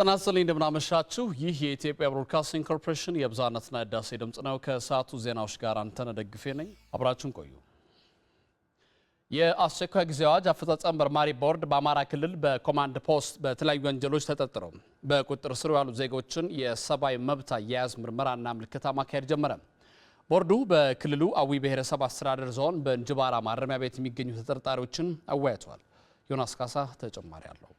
ጤና ይስጥልኝ እንደምናመሻችሁ። ይህ የኢትዮጵያ ብሮድካስቲንግ ኮርፖሬሽን የብዛነትና ህዳሴ ድምፅ ነው። ከሰዓቱ ዜናዎች ጋር አንተነህ ደግፌ ነኝ። አብራችሁን ቆዩ። የአስቸኳይ ጊዜ አዋጅ አፈጻጸም መርማሪ ቦርድ በአማራ ክልል በኮማንድ ፖስት በተለያዩ ወንጀሎች ተጠርጥረው በቁጥጥር ስር ያሉ ዜጎችን የሰብአዊ መብት አያያዝ ምርመራና ምልከታ ማካሄድ ጀመረ። ቦርዱ በክልሉ አዊ ብሔረሰብ አስተዳደር ዞን በእንጅባራ ማረሚያ ቤት የሚገኙ ተጠርጣሪዎችን አወያይቷል። ዮናስ ካሳ ተጨማሪ አለው።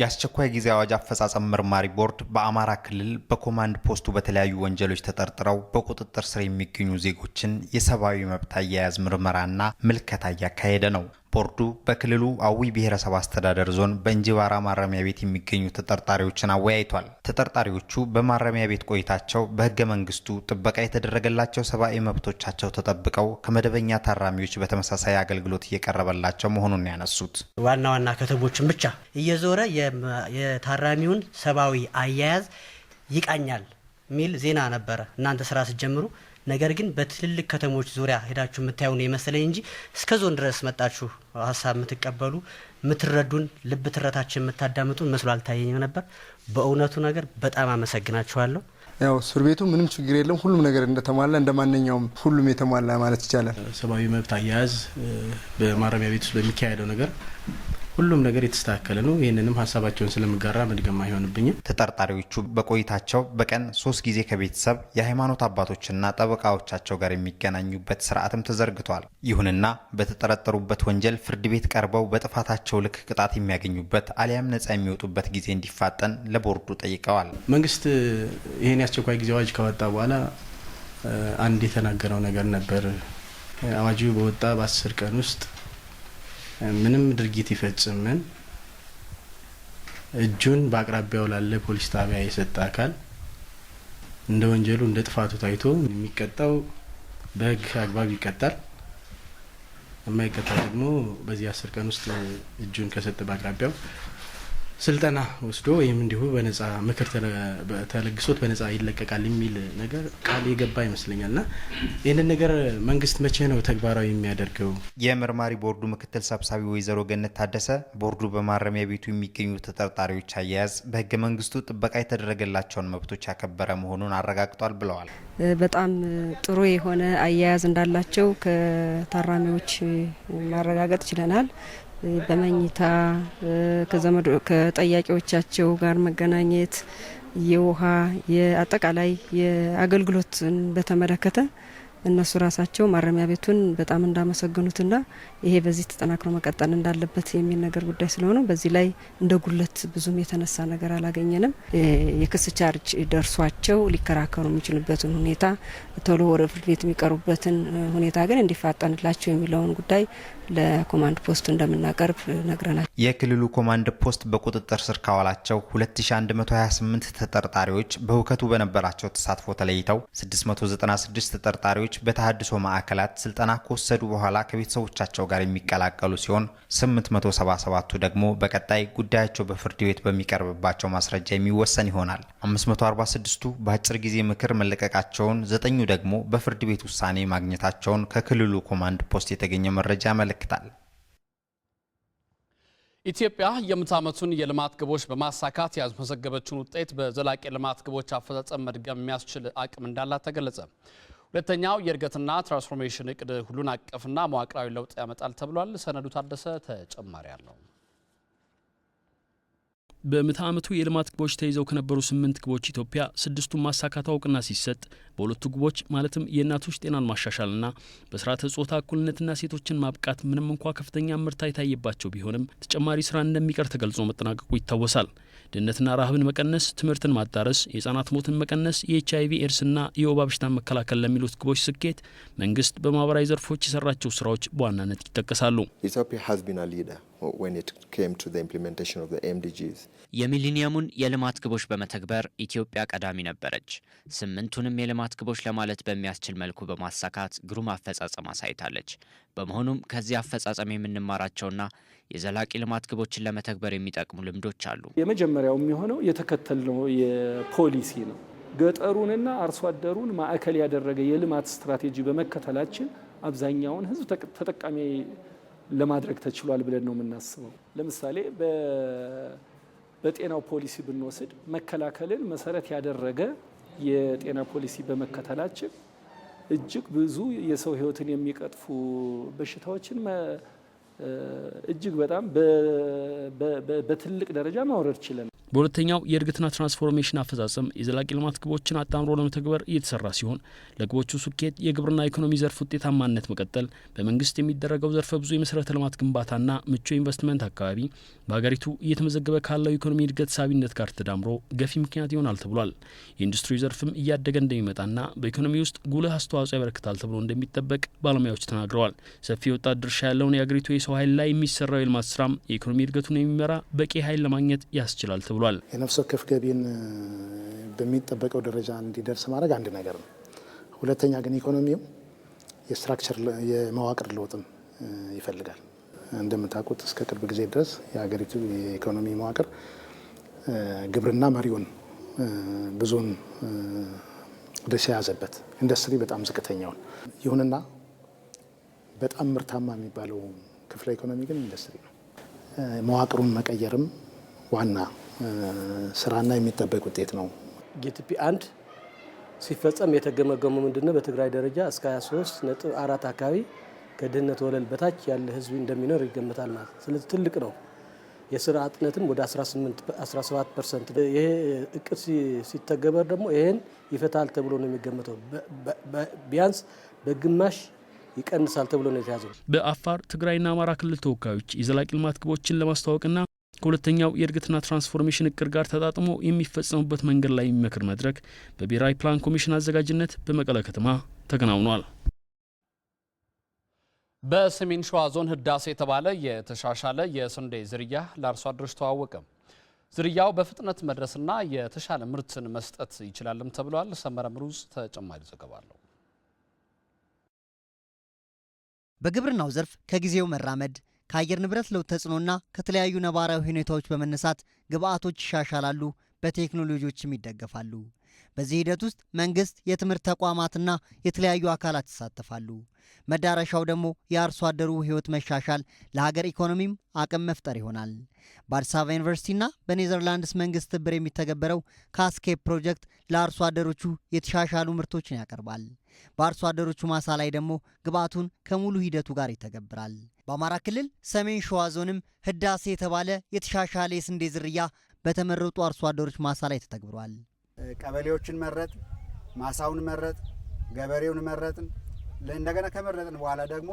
የአስቸኳይ ጊዜ አዋጅ አፈጻጸም መርማሪ ቦርድ በአማራ ክልል በኮማንድ ፖስቱ በተለያዩ ወንጀሎች ተጠርጥረው በቁጥጥር ስር የሚገኙ ዜጎችን የሰብአዊ መብት አያያዝ ምርመራና ምልከታ እያካሄደ ነው። ቦርዱ በክልሉ አዊ ብሔረሰብ አስተዳደር ዞን በእንጅባራ ማረሚያ ቤት የሚገኙ ተጠርጣሪዎችን አወያይቷል። ተጠርጣሪዎቹ በማረሚያ ቤት ቆይታቸው በህገ መንግስቱ ጥበቃ የተደረገላቸው ሰብአዊ መብቶቻቸው ተጠብቀው ከመደበኛ ታራሚዎች በተመሳሳይ አገልግሎት እየቀረበላቸው መሆኑን ያነሱት ዋና ዋና ከተሞችን ብቻ እየዞረ የታራሚውን ሰብአዊ አያያዝ ይቃኛል የሚል ዜና ነበረ እናንተ ስራ ስትጀምሩ። ነገር ግን በትልልቅ ከተሞች ዙሪያ ሄዳችሁ የምታዩ ነው የመሰለኝ እንጂ እስከ ዞን ድረስ መጣችሁ ሀሳብ የምትቀበሉ የምትረዱን፣ ልብ ትረታችን የምታዳምጡን መስሎ አልታየኝም ነበር። በእውነቱ ነገር በጣም አመሰግናችኋለሁ። ያው እስር ቤቱ ምንም ችግር የለም። ሁሉም ነገር እንደተሟላ እንደ ማንኛውም ሁሉም የተሟላ ማለት ይቻላል። ሰብአዊ መብት አያያዝ በማረሚያ ቤት ውስጥ በሚካሄደው ነገር ሁሉም ነገር የተስተካከለ ነው። ይህንንም ሀሳባቸውን ስለምጋራ መድገም አይሆንብኝም። ተጠርጣሪዎቹ በቆይታቸው በቀን ሶስት ጊዜ ከቤተሰብ የሃይማኖት አባቶችና ጠበቃዎቻቸው ጋር የሚገናኙበት ስርዓትም ተዘርግቷል። ይሁንና በተጠረጠሩበት ወንጀል ፍርድ ቤት ቀርበው በጥፋታቸው ልክ ቅጣት የሚያገኙበት አሊያም ነጻ የሚወጡበት ጊዜ እንዲፋጠን ለቦርዱ ጠይቀዋል። መንግስት ይህን የአስቸኳይ ጊዜ አዋጅ ከወጣ በኋላ አንድ የተናገረው ነገር ነበር። አዋጁ በወጣ በአስር ቀን ውስጥ ምንም ድርጊት ይፈጽምን እጁን በአቅራቢያው ላለ ፖሊስ ጣቢያ የሰጠ አካል እንደ ወንጀሉ እንደ ጥፋቱ ታይቶ የሚቀጣው በህግ አግባብ ይቀጣል። የማይቀጣ ደግሞ በዚህ አስር ቀን ውስጥ እጁን ከሰጠ በአቅራቢያው ስልጠና ወስዶ ወይም እንዲሁ በነጻ ምክር ተለግሶት በነጻ ይለቀቃል የሚል ነገር ቃል የገባ ይመስለኛል። ና ይህንን ነገር መንግስት መቼ ነው ተግባራዊ የሚያደርገው? የመርማሪ ቦርዱ ምክትል ሰብሳቢ ወይዘሮ ገነት ታደሰ ቦርዱ በማረሚያ ቤቱ የሚገኙ ተጠርጣሪዎች አያያዝ በህገ መንግስቱ ጥበቃ የተደረገላቸውን መብቶች ያከበረ መሆኑን አረጋግጧል ብለዋል። በጣም ጥሩ የሆነ አያያዝ እንዳላቸው ከታራሚዎች ማረጋገጥ ችለናል። በመኝታ ከዘመዶ ከጠያቂዎቻቸው ጋር መገናኘት፣ የውሃ የአጠቃላይ የአገልግሎትን በተመለከተ እነሱ ራሳቸው ማረሚያ ቤቱን በጣም እንዳመሰገኑትና ይሄ በዚህ ተጠናክሮ መቀጠል እንዳለበት የሚነገር ጉዳይ ስለሆነ በዚህ ላይ እንደ ጉለት ብዙም የተነሳ ነገር አላገኘንም። የክስ ቻርጅ ደርሷቸው ሊከራከሩ የሚችሉበትን ሁኔታ ቶሎ ወደ ፍርድ ቤት የሚቀሩበትን ሁኔታ ግን እንዲፋጠንላቸው የሚለውን ጉዳይ ለኮማንድ ፖስቱ እንደምናቀርብ ነግረናል። የክልሉ ኮማንድ ፖስት በቁጥጥር ስር ካዋላቸው 2128 ተጠርጣሪዎች በሁከቱ በነበራቸው ተሳትፎ ተለይተው 696 ተጠርጣሪዎች በተሃድሶ ማዕከላት ስልጠና ከወሰዱ በኋላ ከቤተሰቦቻቸው ጋር የሚቀላቀሉ ሲሆን 877ቱ ደግሞ በቀጣይ ጉዳያቸው በፍርድ ቤት በሚቀርብባቸው ማስረጃ የሚወሰን ይሆናል። 546ቱ በአጭር ጊዜ ምክር መለቀቃቸውን፣ ዘጠኙ ደግሞ በፍርድ ቤት ውሳኔ ማግኘታቸውን ከክልሉ ኮማንድ ፖስት የተገኘ መረጃ ያመለክታል። ኢትዮጵያ የምዕተ ዓመቱን የልማት ግቦች በማሳካት ያስመዘገበችውን ውጤት በዘላቂ ልማት ግቦች አፈጻጸም መድገም የሚያስችል አቅም እንዳላት ተገለጸ። ሁለተኛው የእድገትና ትራንስፎርሜሽን እቅድ ሁሉን አቀፍና መዋቅራዊ ለውጥ ያመጣል ተብሏል። ሰነዱ ታደሰ ተጨማሪ አለው። በምዕተ ዓመቱ የልማት ግቦች ተይዘው ከነበሩ ስምንት ግቦች ኢትዮጵያ ስድስቱን ማሳካቷ እውቅና ሲሰጥ በሁለቱ ግቦች ማለትም የእናቶች ጤናን ማሻሻልና በስርዓተ ጾታ እኩልነትና ሴቶችን ማብቃት ምንም እንኳ ከፍተኛ ምርታ የታየባቸው ቢሆንም ተጨማሪ ስራ እንደሚቀር ተገልጾ መጠናቀቁ ይታወሳል። ድህነትና ረሃብን መቀነስ፣ ትምህርትን ማዳረስ፣ የህጻናት ሞትን መቀነስ፣ የኤች አይቪ ኤድስና የወባ በሽታን መከላከል ለሚሉት ግቦች ስኬት መንግስት በማህበራዊ ዘርፎች የሰራቸው ስራዎች በዋናነት ይጠቀሳሉ። የሚሊኒየሙን የልማት ግቦች በመተግበር ኢትዮጵያ ቀዳሚ ነበረች። ስምንቱንም የልማት አራት ግቦች ለማለት በሚያስችል መልኩ በማሳካት ግሩም አፈጻጸም አሳይታለች። በመሆኑም ከዚህ አፈጻጸም የምንማራቸውና የዘላቂ ልማት ግቦችን ለመተግበር የሚጠቅሙ ልምዶች አሉ። የመጀመሪያው የሚሆነው የተከተልነው የፖሊሲ ነው። ገጠሩንና አርሶ አደሩን ማዕከል ያደረገ የልማት ስትራቴጂ በመከተላችን አብዛኛውን ሕዝብ ተጠቃሚ ለማድረግ ተችሏል ብለን ነው የምናስበው። ለምሳሌ በጤናው ፖሊሲ ብንወስድ መከላከልን መሰረት ያደረገ የጤና ፖሊሲ በመከተላችን እጅግ ብዙ የሰው ህይወትን የሚቀጥፉ በሽታዎችን እጅግ በጣም በትልቅ ደረጃ ማውረድ ችለናል። በሁለተኛው የእድገትና ትራንስፎርሜሽን አፈጻጸም የዘላቂ ልማት ግቦችን አጣምሮ ለመተግበር እየተሰራ ሲሆን ለግቦቹ ስኬት የግብርና ኢኮኖሚ ዘርፍ ውጤታማነት መቀጠል፣ በመንግስት የሚደረገው ዘርፈ ብዙ የመሰረተ ልማት ግንባታና ምቹ ኢንቨስትመንት አካባቢ በሀገሪቱ እየተመዘገበ ካለው የኢኮኖሚ እድገት ሳቢነት ጋር ተዳምሮ ገፊ ምክንያት ይሆናል ተብሏል። የኢንዱስትሪ ዘርፍም እያደገ እንደሚመጣና በኢኮኖሚ ውስጥ ጉልህ አስተዋጽኦ ያበረክታል ተብሎ እንደሚጠበቅ ባለሙያዎች ተናግረዋል። ሰፊ የወጣት ድርሻ ያለውን የአገሪቱ የሰው ኃይል ላይ የሚሰራው የልማት ስራም የኢኮኖሚ እድገቱን የሚመራ በቂ ኃይል ለማግኘት ያስችላል ተብሏል። ብሏል። የነፍስ ወከፍ ገቢን በሚጠበቀው ደረጃ እንዲደርስ ማድረግ አንድ ነገር ነው። ሁለተኛ ግን ኢኮኖሚው የስትራክቸር የመዋቅር ለውጥም ይፈልጋል። እንደምታውቁት እስከ ቅርብ ጊዜ ድረስ የሀገሪቱ የኢኮኖሚ መዋቅር ግብርና መሪውን ብዙን ድርሻ የያዘበት ኢንዱስትሪ በጣም ዝቅተኛውን። ይሁንና በጣም ምርታማ የሚባለው ክፍለ ኢኮኖሚ ግን ኢንዱስትሪ ነው። መዋቅሩን መቀየርም ዋና ስራና የሚጠበቅ ውጤት ነው። ጂቲፒ አንድ ሲፈጸም የተገመገሙ ምንድነው በትግራይ ደረጃ እስከ 23 ነጥብ አራት አካባቢ ከድህነት ወለል በታች ያለ ህዝብ እንደሚኖር ይገመታል ማለት ስለዚህ ትልቅ ነው። የስራ አጥነትም ወደ 17 ፐርሰንት ይሄ እቅድ ሲተገበር ደግሞ ይህን ይፈታል ተብሎ ነው የሚገመተው። ቢያንስ በግማሽ ይቀንሳል ተብሎ ነው የተያዘው። በአፋር ትግራይና አማራ ክልል ተወካዮች የዘላቂ ልማት ግቦችን ለማስተዋወቅና ከሁለተኛው የእድገትና ትራንስፎርሜሽን እቅድ ጋር ተጣጥሞ የሚፈጸሙበት መንገድ ላይ የሚመክር መድረክ በብሔራዊ ፕላን ኮሚሽን አዘጋጅነት በመቀለ ከተማ ተከናውኗል። በሰሜን ሸዋ ዞን ህዳሴ የተባለ የተሻሻለ የስንዴ ዝርያ ለአርሶ አደሮች ተዋወቀ። ዝርያው በፍጥነት መድረስና የተሻለ ምርትን መስጠት ይችላልም ተብሏል። ሰመረ ምሩዝ ተጨማሪ ዘገባ አለው። በግብርናው ዘርፍ ከጊዜው መራመድ ከአየር ንብረት ለውጥ ተጽዕኖና ከተለያዩ ነባራዊ ሁኔታዎች በመነሳት ግብዓቶች ይሻሻላሉ፣ በቴክኖሎጂዎችም ይደገፋሉ። በዚህ ሂደት ውስጥ መንግስት፣ የትምህርት ተቋማትና የተለያዩ አካላት ይሳተፋሉ። መዳረሻው ደግሞ የአርሶ አደሩ ህይወት መሻሻል፣ ለሀገር ኢኮኖሚም አቅም መፍጠር ይሆናል። በአዲስ አበባ ዩኒቨርሲቲና በኔዘርላንድስ መንግስት ትብብር የሚተገበረው ካስኬፕ ፕሮጀክት ለአርሶ አደሮቹ የተሻሻሉ ምርቶችን ያቀርባል። በአርሶ አደሮቹ ማሳ ላይ ደግሞ ግብአቱን ከሙሉ ሂደቱ ጋር ይተገብራል። በአማራ ክልል ሰሜን ሸዋ ዞንም ህዳሴ የተባለ የተሻሻለ የስንዴ ዝርያ በተመረጡ አርሶ አደሮች ማሳ ላይ ተተግብሯል። ቀበሌዎችን መረጥ፣ ማሳውን መረጥ፣ ገበሬውን መረጥን። እንደገና ከመረጥን በኋላ ደግሞ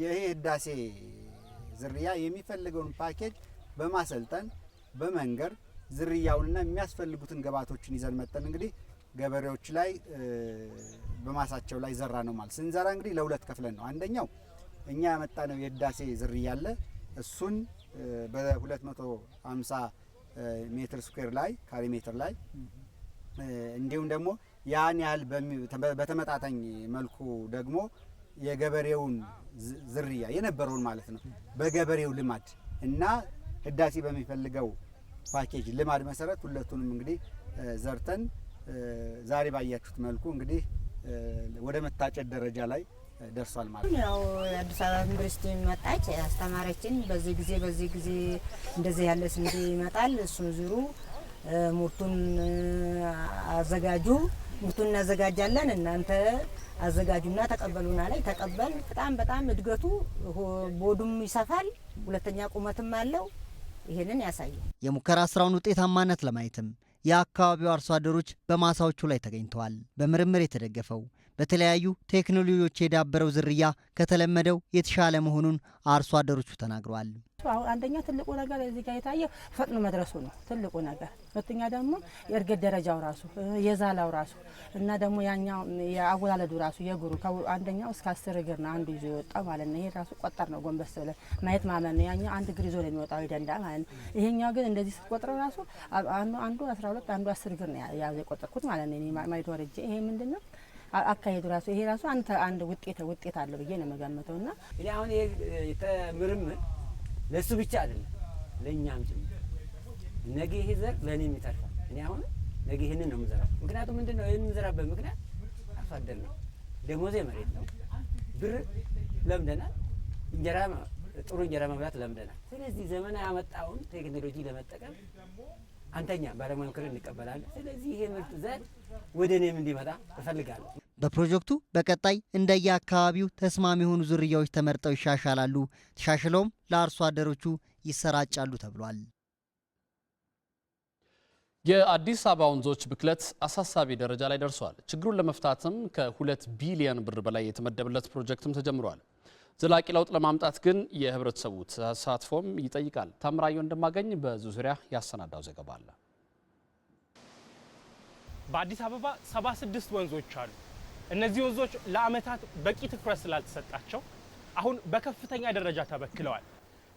ይሄ ህዳሴ ዝርያ የሚፈልገውን ፓኬጅ በማሰልጠን በመንገድ ዝርያውንና የሚያስፈልጉትን ግብዓቶችን ይዘን መጠን እንግዲህ ገበሬዎች ላይ በማሳቸው ላይ ዘራ ነው ማለት ስንዘራ እንግዲህ ለሁለት ከፍለን ነው። አንደኛው እኛ ያመጣ ነው የህዳሴ ዝርያ አለ እሱን በ250 ሜትር ስኩዌር ላይ ካሬ ሜትር ላይ እንዲሁም ደግሞ ያን ያህል በተመጣጣኝ መልኩ ደግሞ የገበሬውን ዝርያ የነበረውን ማለት ነው በገበሬው ልማድ እና ህዳሴ በሚፈልገው ፓኬጅ ልማድ መሰረት ሁለቱንም እንግዲህ ዘርተን ዛሬ ባያችሁት መልኩ እንግዲህ ወደ መታጨድ ደረጃ ላይ ደርሷል ማለት ነው። ያው አዲስ አበባ ዩኒቨርሲቲ መጣች አስተማረችን በዚህ ጊዜ በዚህ ጊዜ እንደዚህ ያለ ስንዴ ይመጣል፣ እሱን ዝሩ ምርቱን አዘጋጁ፣ ምርቱን እናዘጋጃለን፣ እናንተ አዘጋጁና ተቀበሉና ላይ ተቀበል። በጣም በጣም እድገቱ ቦዱም ይሰፋል፣ ሁለተኛ ቁመትም አለው። ይሄንን ያሳየ የሙከራ ስራውን ውጤታማነት ለማየትም የአካባቢው አርሶ አደሮች በማሳዎቹ ላይ ተገኝተዋል። በምርምር የተደገፈው በተለያዩ ቴክኖሎጂዎች የዳበረው ዝርያ ከተለመደው የተሻለ መሆኑን አርሶ አደሮቹ ተናግረዋል። አንደኛ ትልቁ ነገር እዚህ ጋር የታየ ፈጥኖ መድረሱ ነው ትልቁ ነገር። ሁለተኛ ደግሞ የእርግድ ደረጃው ራሱ የዛላው ራሱ እና ደግሞ ያኛው የአወላለዱ ራሱ የእግሩ አንደኛው እስከ አስር እግር ነው አንዱ ይዞ የወጣው ማለት ነው። ይሄ ራሱ ቆጠር ነው ጎንበስ ብለ ማየት ማመን ነው። ያኛው አንድ እግር ይዞ ነው የሚወጣው ይደንዳ ማለት ነው። ይሄኛው ግን እንደዚህ ስትቆጥረው ራሱ አንዱ አስራ ሁለት አንዱ አስር እግር ነው የያዘ የቆጠርኩት ማለት ነው። ማይዶር እጄ ይሄ ምንድን ነው አካሄዱ ራሱ ይሄ ራሱ አንተ አንድ ውጤት ውጤት አለ ብዬ ነው የምገምተው። እኔ አሁን ይሄ ምርምር ለእሱ ብቻ አይደለም ለእኛም ጭምር ነገ ይሄ ዘር ለእኔ የሚተርፋል። እኔ አሁን ነገ ይህንን ነው የምዘራው። ምክንያቱም ምንድን ነው የምንዘራበት ምክንያት አርሶ አደር ነው፣ ደሞዜ መሬት ነው፣ ብር ለምደናል፣ እንጀራ ጥሩ እንጀራ መብላት ለምደናል። ስለዚህ ዘመና ያመጣውን ቴክኖሎጂ ለመጠቀም አንተኛ ባለሙያ ምክር እንቀበላለን። ስለዚህ ይሄ ምርጥ ዘር ወደ እኔም እንዲመጣ እፈልጋለሁ። በፕሮጀክቱ በቀጣይ እንደየአካባቢው ተስማሚ የሆኑ ዝርያዎች ተመርጠው ይሻሻላሉ፣ ተሻሽለውም ለአርሶ አደሮቹ ይሰራጫሉ ተብሏል። የአዲስ አበባ ወንዞች ብክለት አሳሳቢ ደረጃ ላይ ደርሷል። ችግሩን ለመፍታትም ከሁለት ቢሊዮን ብር በላይ የተመደበለት ፕሮጀክትም ተጀምሯል። ዘላቂ ለውጥ ለማምጣት ግን የህብረተሰቡ ተሳትፎም ይጠይቃል። ታምራየው እንደማገኝ በዙ ዙሪያ ያሰናዳው ዘገባ አለ። በአዲስ አበባ 76 ወንዞች አሉ። እነዚህ ወንዞች ለአመታት በቂ ትኩረት ስላልተሰጣቸው አሁን በከፍተኛ ደረጃ ተበክለዋል።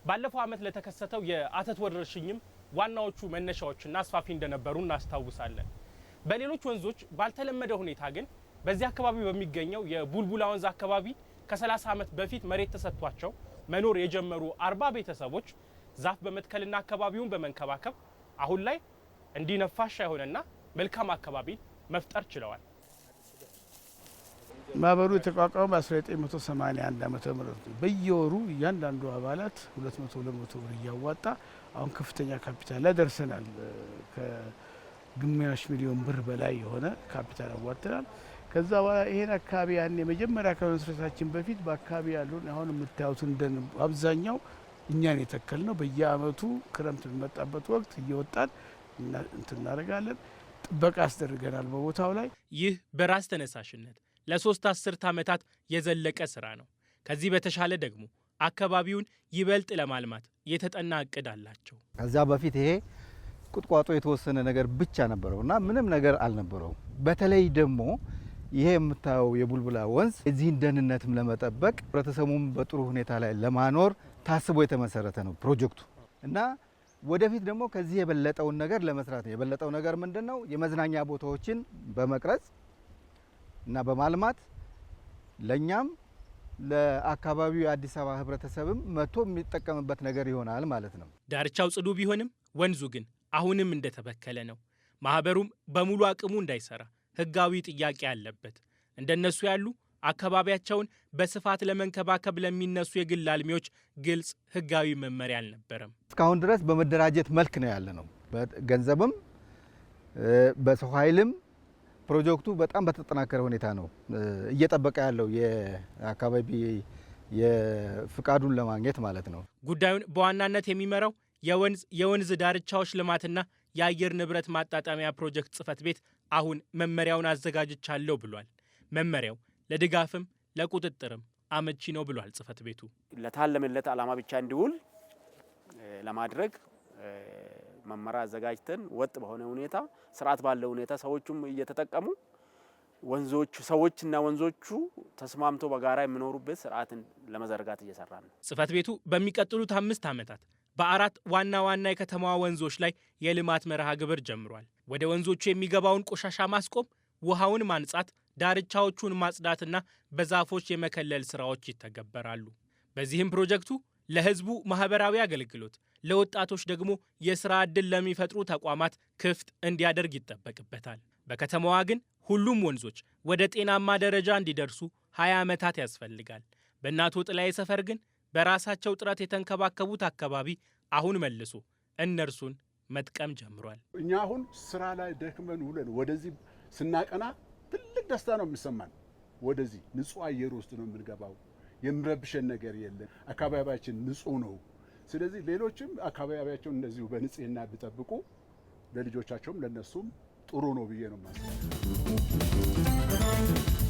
ባለፈው ዓመት ለተከሰተው የአተት ወረርሽኝም ዋናዎቹ መነሻዎችና አስፋፊ እንደነበሩ እናስታውሳለን። በሌሎች ወንዞች ባልተለመደ ሁኔታ ግን በዚህ አካባቢ በሚገኘው የቡልቡላ ወንዝ አካባቢ ከ30 ዓመት በፊት መሬት ተሰጥቷቸው መኖር የጀመሩ አርባ ቤተሰቦች ዛፍ በመትከልና አካባቢውን በመንከባከብ አሁን ላይ እንዲነፋሻ የሆነና መልካም አካባቢ መፍጠር ችለዋል። ማህበሩ የተቋቋመ በ1981 ዓ ም ነው። በየወሩ እያንዳንዱ አባላት 200 200 ብር እያዋጣ አሁን ከፍተኛ ካፒታል ላይ ደርሰናል። ከግማሽ ሚሊዮን ብር በላይ የሆነ ካፒታል አዋጥተናል። ከዛ በኋላ ይሄን አካባቢ ያን የመጀመሪያ ከመስረታችን በፊት በአካባቢ ያሉን አሁን የምታዩት ደን አብዛኛው እኛን የተከል ነው። በየአመቱ ክረምት በሚመጣበት ወቅት እየወጣን እንትናደርጋለን፣ ጥበቃ አስደርገናል በቦታው ላይ። ይህ በራስ ተነሳሽነት ለሶስት አስርት ዓመታት የዘለቀ ስራ ነው። ከዚህ በተሻለ ደግሞ አካባቢውን ይበልጥ ለማልማት የተጠና እቅድ አላቸው። ከዛ በፊት ይሄ ቁጥቋጦ የተወሰነ ነገር ብቻ ነበረው እና ምንም ነገር አልነበረውም። በተለይ ደግሞ ይሄ የምታየው የቡልቡላ ወንዝ የዚህን ደህንነትም ለመጠበቅ ህብረተሰቡም በጥሩ ሁኔታ ላይ ለማኖር ታስቦ የተመሰረተ ነው ፕሮጀክቱ እና ወደፊት ደግሞ ከዚህ የበለጠውን ነገር ለመስራት ነው። የበለጠው ነገር ምንድን ነው? የመዝናኛ ቦታዎችን በመቅረጽ እና በማልማት ለእኛም ለአካባቢው የአዲስ አበባ ህብረተሰብም መቶ የሚጠቀምበት ነገር ይሆናል ማለት ነው። ዳርቻው ጽዱ ቢሆንም ወንዙ ግን አሁንም እንደተበከለ ነው። ማህበሩም በሙሉ አቅሙ እንዳይሰራ ህጋዊ ጥያቄ አለበት። እንደነሱ ያሉ አካባቢያቸውን በስፋት ለመንከባከብ ለሚነሱ የግል አልሚዎች ግልጽ ህጋዊ መመሪያ አልነበረም። እስካሁን ድረስ በመደራጀት መልክ ነው ያለ ነው። ገንዘብም በሰው ኃይልም ፕሮጀክቱ በጣም በተጠናከረ ሁኔታ ነው እየጠበቀ ያለው የአካባቢ የፍቃዱን ለማግኘት ማለት ነው። ጉዳዩን በዋናነት የሚመራው የወንዝ የወንዝ ዳርቻዎች ልማትና የአየር ንብረት ማጣጣሚያ ፕሮጀክት ጽፈት ቤት አሁን መመሪያውን አዘጋጅቻለሁ ብሏል። መመሪያው ለድጋፍም ለቁጥጥርም አመቺ ነው ብሏል ጽፈት ቤቱ ለታለመለት ዓላማ ብቻ እንዲውል ለማድረግ መመሪያ አዘጋጅተን ወጥ በሆነ ሁኔታ ስርዓት ባለው ሁኔታ ሰዎቹም እየተጠቀሙ ወንዞቹ ሰዎችና ወንዞቹ ተስማምቶ በጋራ የሚኖሩበት ስርዓትን ለመዘርጋት እየሰራ ነው። ጽህፈት ቤቱ በሚቀጥሉት አምስት ዓመታት በአራት ዋና ዋና የከተማዋ ወንዞች ላይ የልማት መርሃ ግብር ጀምሯል። ወደ ወንዞቹ የሚገባውን ቆሻሻ ማስቆም፣ ውሃውን ማንጻት፣ ዳርቻዎቹን ማጽዳትና በዛፎች የመከለል ስራዎች ይተገበራሉ። በዚህም ፕሮጀክቱ ለህዝቡ ማህበራዊ አገልግሎት ለወጣቶች ደግሞ የስራ ዕድል ለሚፈጥሩ ተቋማት ክፍት እንዲያደርግ ይጠበቅበታል። በከተማዋ ግን ሁሉም ወንዞች ወደ ጤናማ ደረጃ እንዲደርሱ 20 ዓመታት ያስፈልጋል። በእናቶ ጥላዬ ሰፈር ግን በራሳቸው ጥረት የተንከባከቡት አካባቢ አሁን መልሶ እነርሱን መጥቀም ጀምሯል። እኛ አሁን ስራ ላይ ደክመን ውለን ወደዚህ ስናቀና ትልቅ ደስታ ነው የሚሰማን። ወደዚህ ንጹህ አየር ውስጥ ነው የምንገባው። የምረብሸን ነገር የለን። አካባቢያችን ንጹህ ነው። ስለዚህ ሌሎችም አካባቢያቸውን እንደዚሁ በንጽህና ቢጠብቁ ለልጆቻቸውም ለነሱም ጥሩ ነው ብዬ ነው ማስበው።